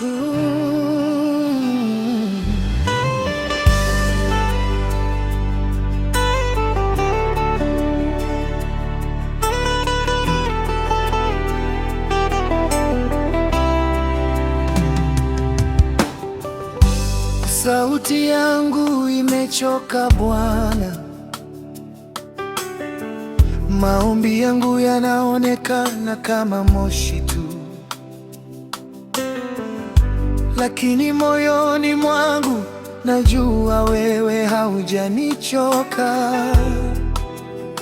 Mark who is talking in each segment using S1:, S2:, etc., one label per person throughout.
S1: Sauti yangu imechoka Bwana, maombi yangu yanaonekana kama moshi. lakini moyoni mwangu najua wewe haujanichoka.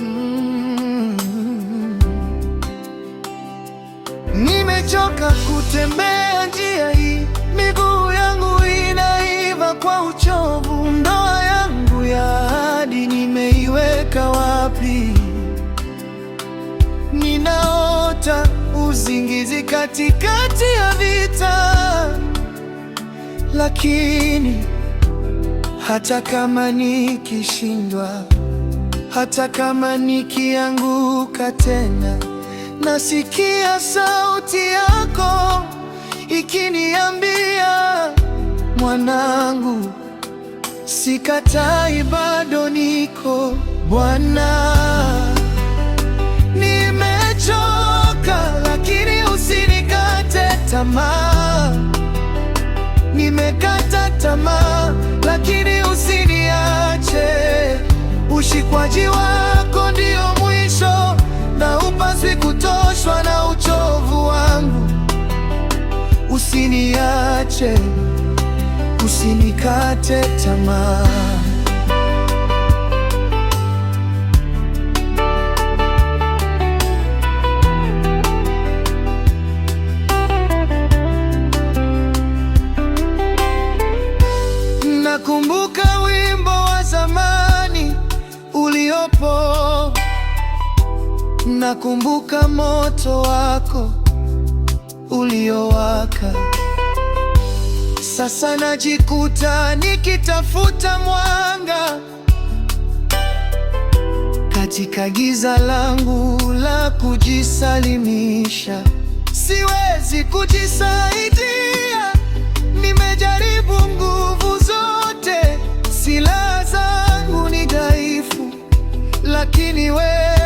S1: mm Nimechoka kutembea njia hii, miguu yangu inaiva kwa uchovu. Ndoa yangu ya ahadi nimeiweka wapi? Ninaota uzingizi katikati ya lakini hata kama nikishindwa, hata kama nikianguka tena, nasikia sauti yako ikiniambia, mwanangu, sikatai, bado niko Bwana. lakini usiniache. Ushikwaji wako ndio mwisho, na upaswi kutoshwa na uchovu wangu. Usiniache, usinikate tamaa. nakumbuka moto wako uliowaka. Sasa najikuta nikitafuta mwanga katika giza langu la kujisalimisha. Siwezi kujisaidia, nimejaribu nguvu zote, silaha zangu ni dhaifu, lakini wewe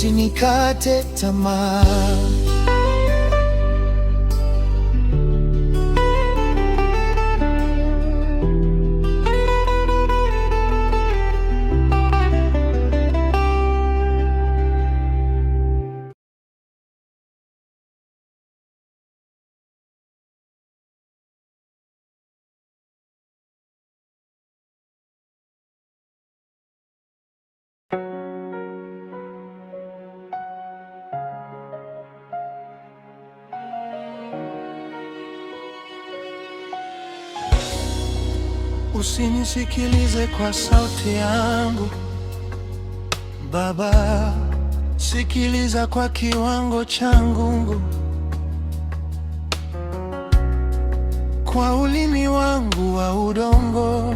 S1: usinikate tamaa. Usinisikilize kwa sauti yangu Baba, sikiliza kwa kiwango cha ngungu. Kwa ulimi wangu wa udongo,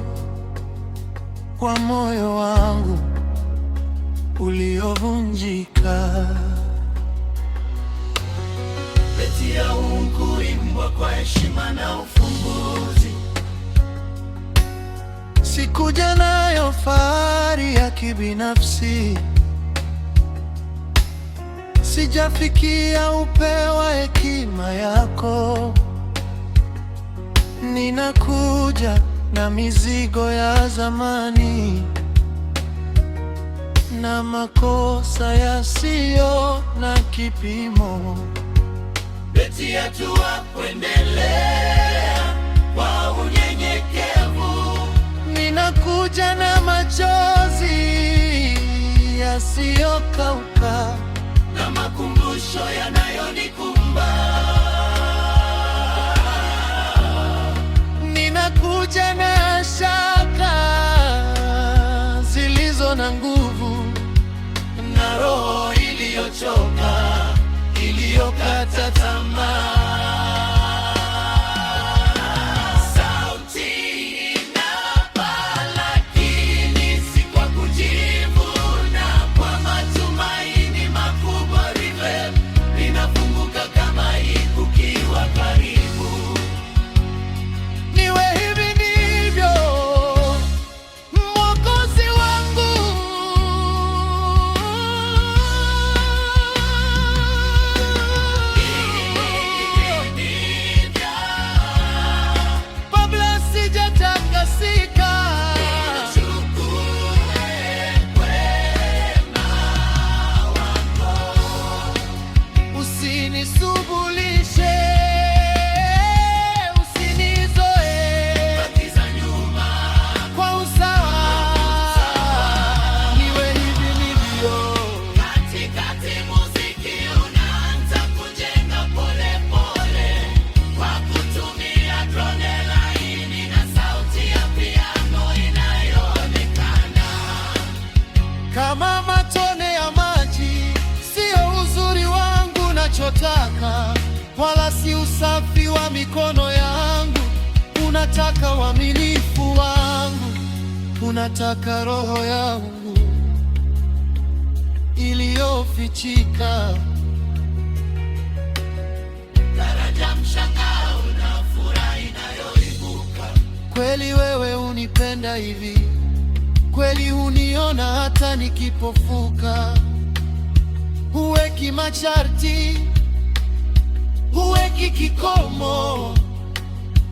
S1: kwa moyo wangu uliovunjika,
S2: kuimbwa kwa heshima na
S1: sikuja nayo fahari ya kibinafsi, sijafikia upeo wa hekima yako. Ninakuja na mizigo ya zamani na makosa yasiyo na kipimo.
S2: Beti, hatua kuendelea kwa unyenyekevu
S1: inakuja na machozi yasiyokauka
S2: na makumbusho yanayonikumba.
S1: Ninakuja na unataka uaminifu wangu, unataka roho yangu iliyofichika.
S2: Daraja, mshangao na furaha inayoibuka.
S1: Kweli wewe unipenda hivi? Kweli huniona hata nikipofuka? Huweki masharti, huweki kikomo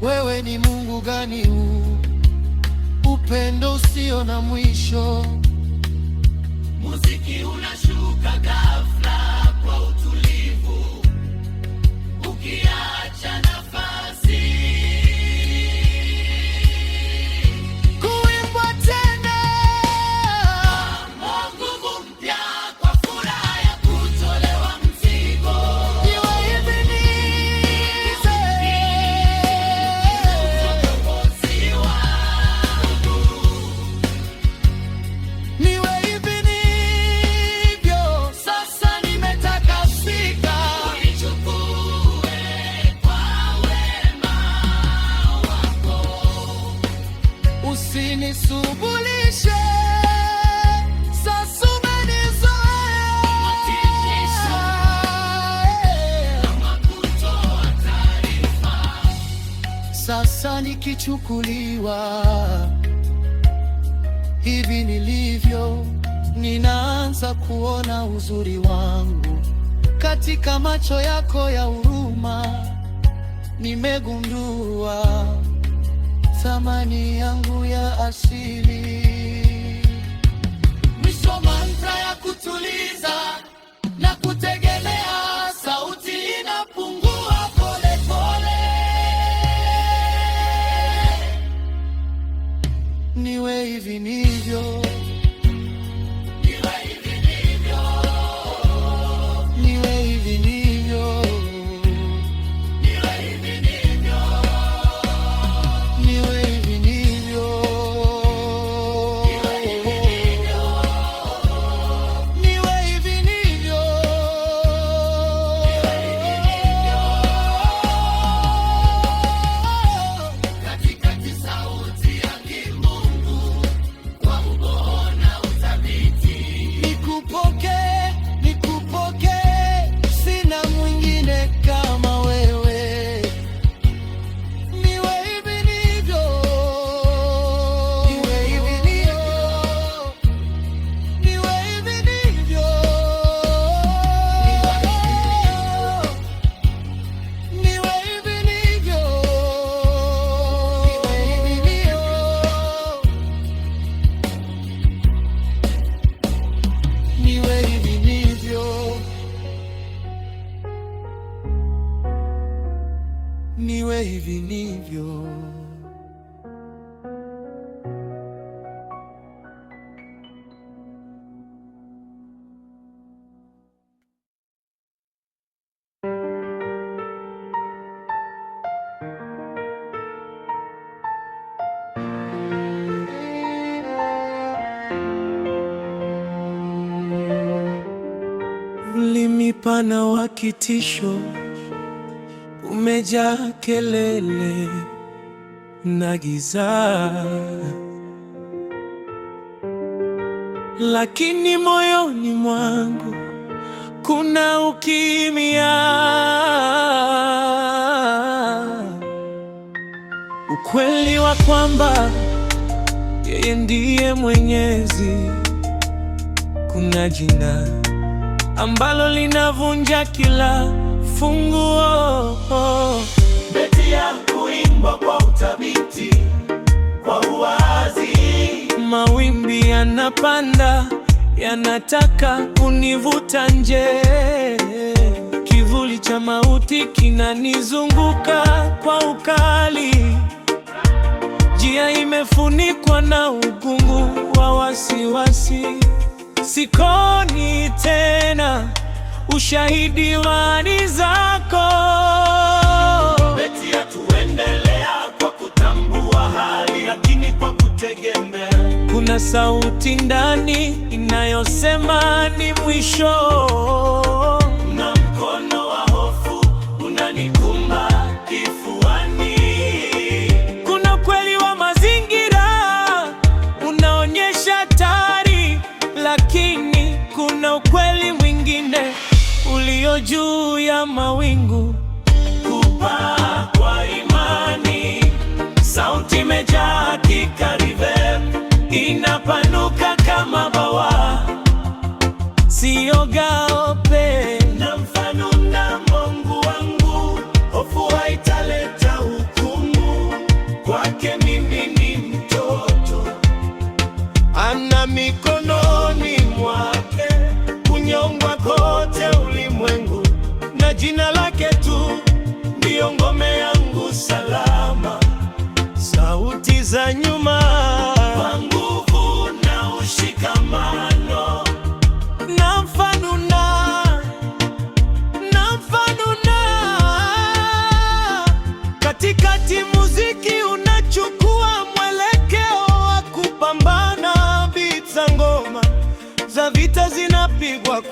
S1: wewe ni Mungu gani huu, upendo usio na mwisho,
S2: muziki unashuka gani?
S1: Sasa nikichukuliwa hivi nilivyo, ninaanza kuona uzuri wangu katika macho yako ya huruma, nimegundua thamani yangu ya asili.
S2: Mwisho, mantra ya kutulia
S1: upana wa kitisho, umejaa kelele na giza, lakini moyoni mwangu kuna ukimya. Ukweli wa kwamba yeye ndiye Mwenyezi, kuna jina ambalo linavunja kila funguo.
S2: Beti ya kuimbwa kwa utabiti kwa uwazi,
S1: mawimbi yanapanda, yanataka kunivuta nje. Kivuli cha mauti kinanizunguka kwa ukali, njia imefunikwa na ukungu wa wasiwasi. Sikoni tena ushahidi imani zako.
S2: Beti tuendelea kwa kutambua hali, lakini kwa kutegemea.
S1: Kuna sauti ndani inayosema ni mwisho juu ya mawingu
S2: kupaa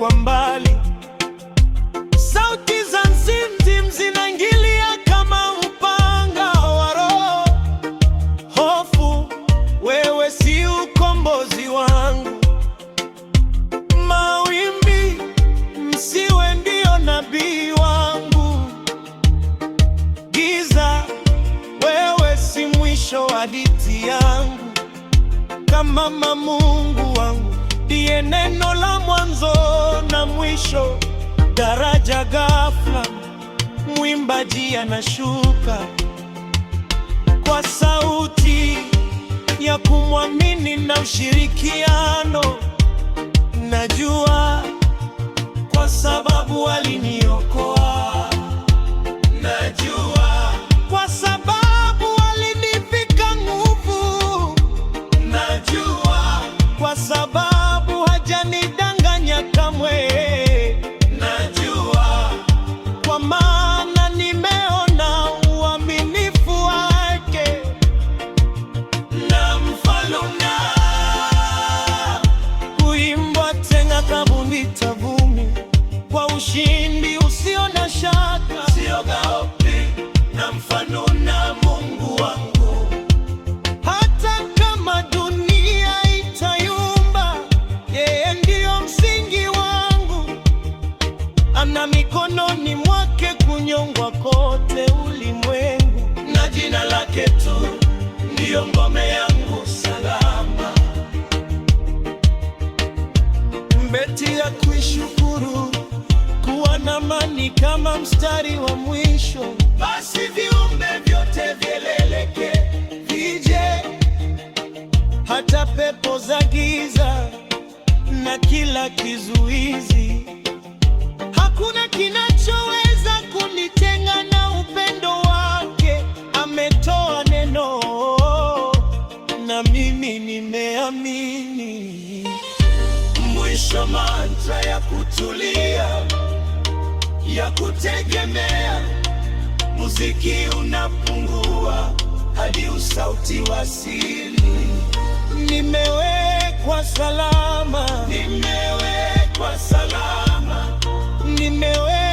S1: kwa mbali, sauti za nzimzim zinaingilia kama upanga wa roho. Hofu, wewe si ukombozi wangu. Mawimbi, msiwe ndio nabii wangu. Giza, wewe si mwisho wa hadithi yangu. Kama Mungu wangu ndiye neno mwisho, daraja ghafla, mwimbaji anashuka kwa sauti ya kumwamini na ushirikiano. Najua
S2: kwa sababu aliniokoa.
S1: shaka vumita kwa ushindi usio na shaka,
S2: siogopi na mfano na Mungu wangu.
S1: Hata kama dunia itayumba, yeye ndiyo msingi wangu. Ana mikononi mwake kunyongwa kote ulimwengu,
S2: na jina lake tu ndiyo ngome ya
S1: kama mstari wa mwisho,
S2: basi viumbe vyote vieleleke,
S1: vije hata pepo za giza na kila kizuizi, hakuna kinachoweza kunitenga na upendo wake. Ametoa neno na mimi nimeamini.
S2: Mwisho mantra ya kutulia ya kutegemea, muziki unapungua hadi usauti wa asili.
S1: Nimewekwa salama,
S2: nimewekwa salama,
S1: nimewekwa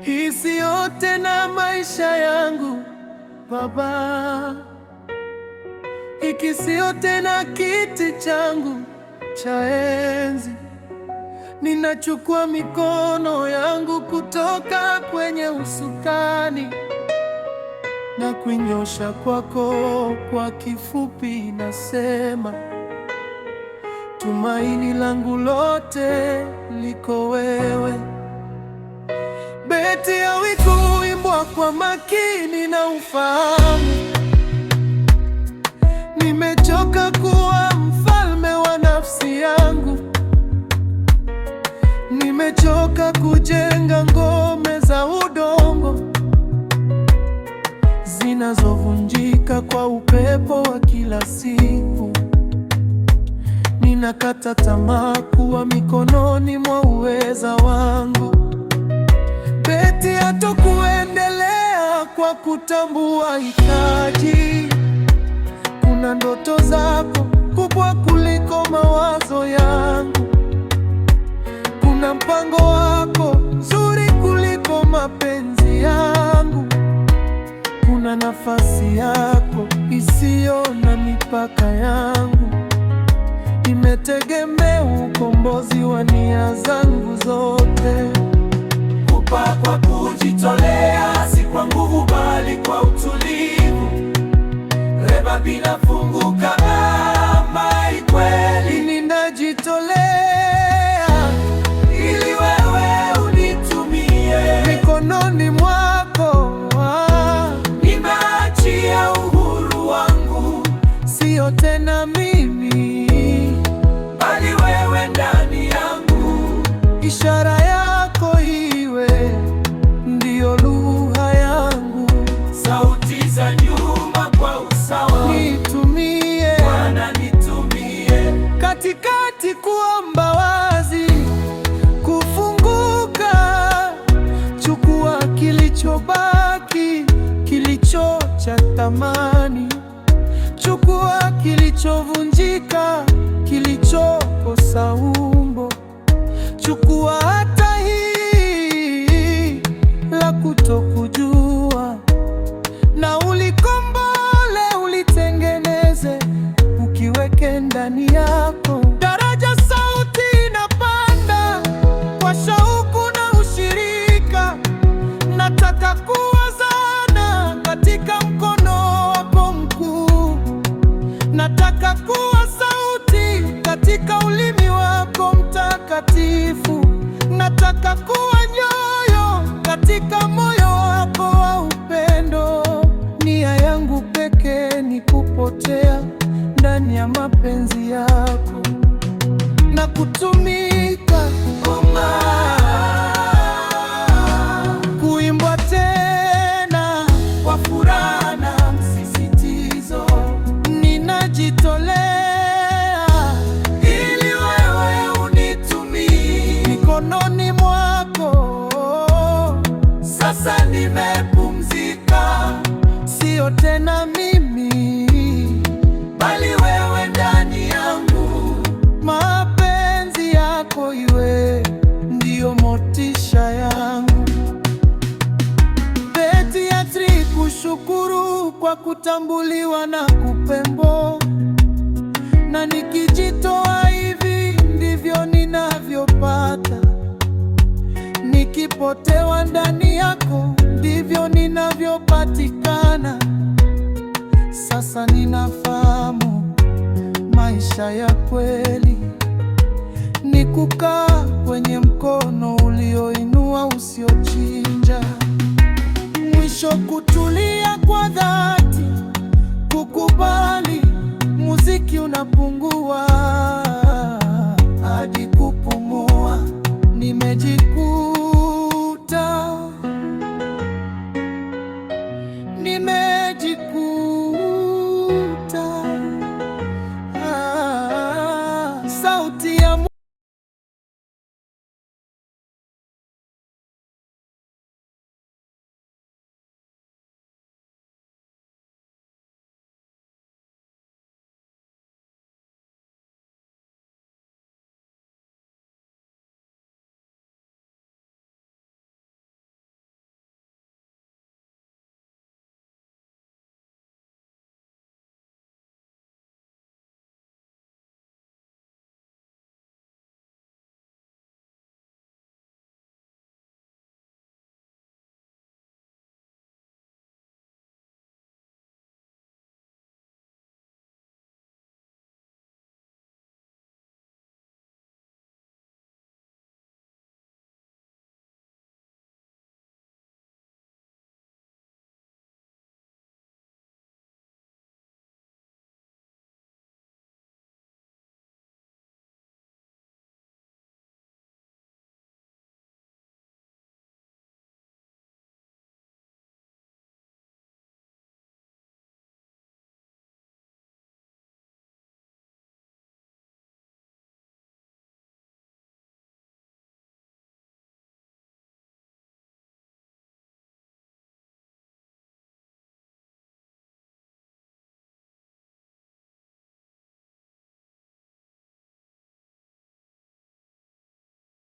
S1: Hisi yote tena maisha yangu Baba, hiki siyo tena kiti changu cha enzi. Ninachukua mikono yangu kutoka kwenye usukani na kuinyosha kwako. Kwa kifupi nasema tumaini langu lote liko wewe. Beti ya wiki huimbwa kwa makini na ufahamu. Nimechoka kuwa mfalme wa nafsi yangu, nimechoka kujenga ngome za udo zinazovunjika kwa upepo wa kila siku. Ninakata tamaa kuwa mikononi mwa uweza wangu. Beti hatokuendelea kwa kutambua hitaji. Kuna ndoto zako kubwa kuliko mawazo yangu, kuna mpango wako zuri kuliko mapenzi yangu na nafasi yako isiyo na mipaka yangu, imetegemea ukombozi wa nia zangu zote.
S2: Kupa kwa kujitolea, si kwa nguvu, bali kwa utulivu. Reba bila funguka
S1: Chukua kilichovunjika, kilichokosa umbo, chukua hata kufanya mapenzi yako na kutumika
S2: uma
S1: kutambuliwa na kupembo, na nikijitoa hivi ndivyo ninavyopata, nikipotewa ndani yako ndivyo ninavyopatikana. Sasa ninafahamu maisha ya kweli ni kukaa kwenye mkono ulioinua usiochinja, mwisho kutulia kwa dhati kukubali muziki unapungua, hadi kupumua nimejikuta, nimejikuta ah, sauti ya